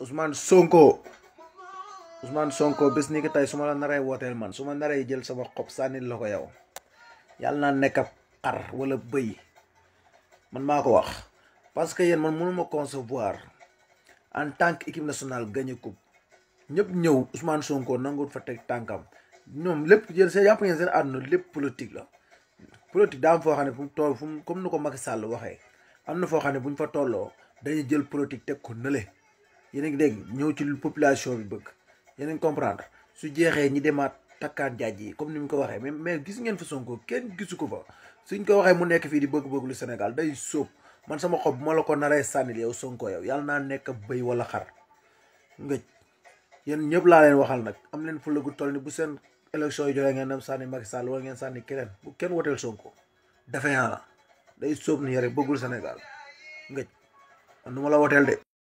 Ousmane Sonko Ousmane Sonko bis ni ki tey su ma la naree wooteel man su ma naree jël sama xob sànnil la ko yow yàlla naa nekka xar wala bëy man maa ko wax parce que yéen man mënuma concevoir en tant que national nationale gagné coupe ñëpp ñëw Ousmane Sonko nanguwul fa teg tànkam ñoom lépp yéen seen yàpp ngeen seen àdduna lépp politique la politique daa am foo xam ne fu mu toll fu mu comme nu ko mag Sall waxee am na foo xam ne bu ñu fa tolloo dañuy jël politique teg ko nële. yéen ngi dégg ñëw ci population bi bëgg yéen comprendre su jeexee ñi demaat takkaat jaaj yi comme ni mu ko waxee mais mais gis ngeen fa Sonko kenn gisu ko fa suñ ko waxee mu nekk fii di bëgg-bëgg lu Sénégal day sóob man sama xob ma la ko naree sànnil Sonko yow yàlla naa nekk bëy wala xar ngëj yéen ñëpp laa leen waxal nag am leen fula gu ni bu seen élection yi joxe ngeen dem sànni Macky Sall wala ngeen sànni keneen bu kenn woteel Sonko dafa day sóob ni yore bëggul Sénégal nu ma la woteel de